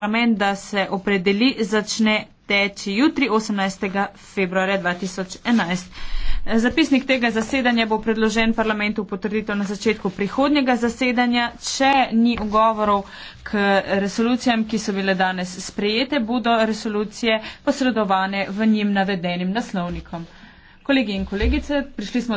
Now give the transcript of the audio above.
parlament, da se opredeli, začne teči jutri 18. februarja 2011. Zapisnik tega zasedanja bo predložen parlamentu potrditev na začetku prihodnjega zasedanja. Če ni ugovorov k resolucijam, ki so bile danes sprejete, bodo resolucije posredovane v njim navedenim naslovnikom. Kolegi in kolegice, prišli smo do.